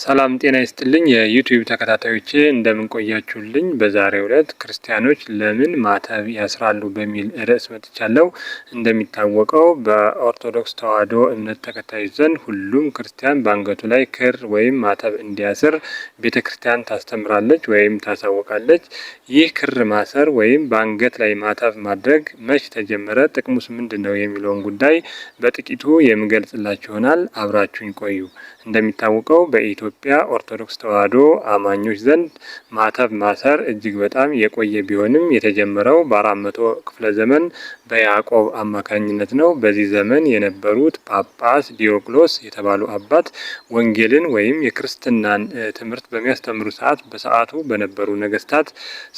ሰላም ጤና ይስጥልኝ የዩቲዩብ ተከታታዮቼ እንደምን ቆያችሁልኝ? በዛሬው ዕለት ክርስቲያኖች ለምን ማተብ ያስራሉ በሚል ርዕስ መጥቻለሁ። እንደሚታወቀው በኦርቶዶክስ ተዋሕዶ እምነት ተከታዮች ዘንድ ሁሉም ክርስቲያን በአንገቱ ላይ ክር ወይም ማተብ እንዲያስር ቤተ ክርስቲያን ታስተምራለች ወይም ታሳውቃለች። ይህ ክር ማሰር ወይም በአንገት ላይ ማተብ ማድረግ መች ተጀመረ? ጥቅሙስ ምንድን ነው? የሚለውን ጉዳይ በጥቂቱ የምገልጽላችሁ ይሆናል። አብራችሁኝ ቆዩ። እንደሚታወቀው በኢትዮ በኢትዮጵያ ኦርቶዶክስ ተዋሕዶ አማኞች ዘንድ ማተብ ማሰር እጅግ በጣም የቆየ ቢሆንም የተጀመረው በአራት መቶ ክፍለ ዘመን በያዕቆብ አማካኝነት ነው። በዚህ ዘመን የነበሩት ጳጳስ ዲዮቅሎስ የተባሉ አባት ወንጌልን ወይም የክርስትናን ትምህርት በሚያስተምሩ ሰዓት በሰዓቱ በነበሩ ነገስታት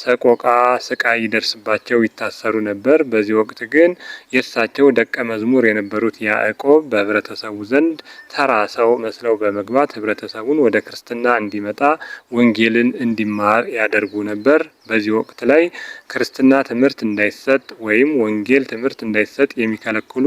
ሰቆቃ፣ ስቃይ ይደርስባቸው ይታሰሩ ነበር። በዚህ ወቅት ግን የእሳቸው ደቀ መዝሙር የነበሩት ያዕቆብ በህብረተሰቡ ዘንድ ተራ ሰው መስለው በመግባት ህብረተሰቡን ወደ ክርስትና እንዲመጣ ወንጌልን እንዲማር ያደርጉ ነበር። በዚህ ወቅት ላይ ክርስትና ትምህርት እንዳይሰጥ ወይም ወንጌል ትምህርት እንዳይሰጥ የሚከለክሉ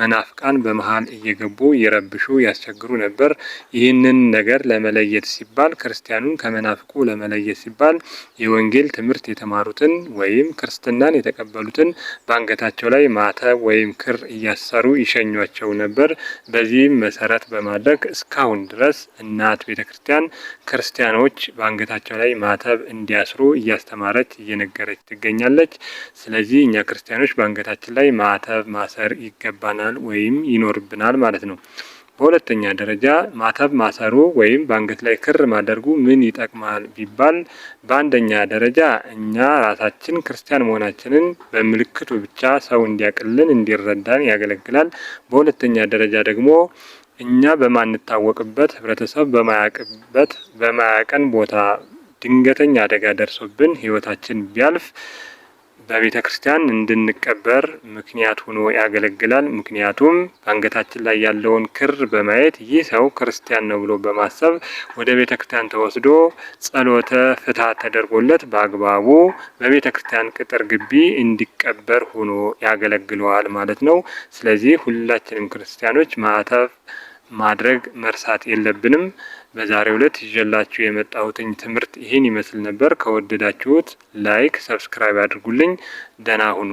መናፍቃን በመሀል እየገቡ ይረብሹ፣ ያስቸግሩ ነበር። ይህንን ነገር ለመለየት ሲባል ክርስቲያኑን ከመናፍቁ ለመለየት ሲባል የወንጌል ትምህርት የተማሩትን ወይም ክርስትናን የተቀበሉትን በአንገታቸው ላይ ማተብ ወይም ክር እያሰሩ ይሸኟቸው ነበር። በዚህም መሰረት በማድረግ እስካሁን ድረስ እናት ቤተ ክርስቲያን ክርስቲያኖች በአንገታቸው ላይ ማተብ እንዲያስሩ እያስተ እያስተማረች እየነገረች ትገኛለች። ስለዚህ እኛ ክርስቲያኖች በአንገታችን ላይ ማተብ ማሰር ይገባናል ወይም ይኖርብናል ማለት ነው። በሁለተኛ ደረጃ ማተብ ማሰሩ ወይም በአንገት ላይ ክር ማደርጉ ምን ይጠቅማል ቢባል፣ በአንደኛ ደረጃ እኛ ራሳችን ክርስቲያን መሆናችንን በምልክቱ ብቻ ሰው እንዲያቅልን እንዲረዳን ያገለግላል። በሁለተኛ ደረጃ ደግሞ እኛ በማንታወቅበት ህብረተሰብ በማያቅበት በማያቀን ቦታ ድንገተኛ አደጋ ደርሶብን ህይወታችን ቢያልፍ በቤተ ክርስቲያን እንድንቀበር ምክንያት ሆኖ ያገለግላል። ምክንያቱም በአንገታችን ላይ ያለውን ክር በማየት ይህ ሰው ክርስቲያን ነው ብሎ በማሰብ ወደ ቤተ ክርስቲያን ተወስዶ ጸሎተ ፍትሐት ተደርጎለት በአግባቡ በቤተ ክርስቲያን ቅጥር ግቢ እንዲቀበር ሆኖ ያገለግለዋል ማለት ነው። ስለዚህ ሁላችንም ክርስቲያኖች ማዕተብ ማድረግ መርሳት የለብንም። በዛሬው ዕለት ይዤላችሁ የመጣሁትኝ ትምህርት ይህን ይመስል ነበር። ከወደዳችሁት ላይክ፣ ሰብስክራይብ አድርጉልኝ። ደህና ሁኑ።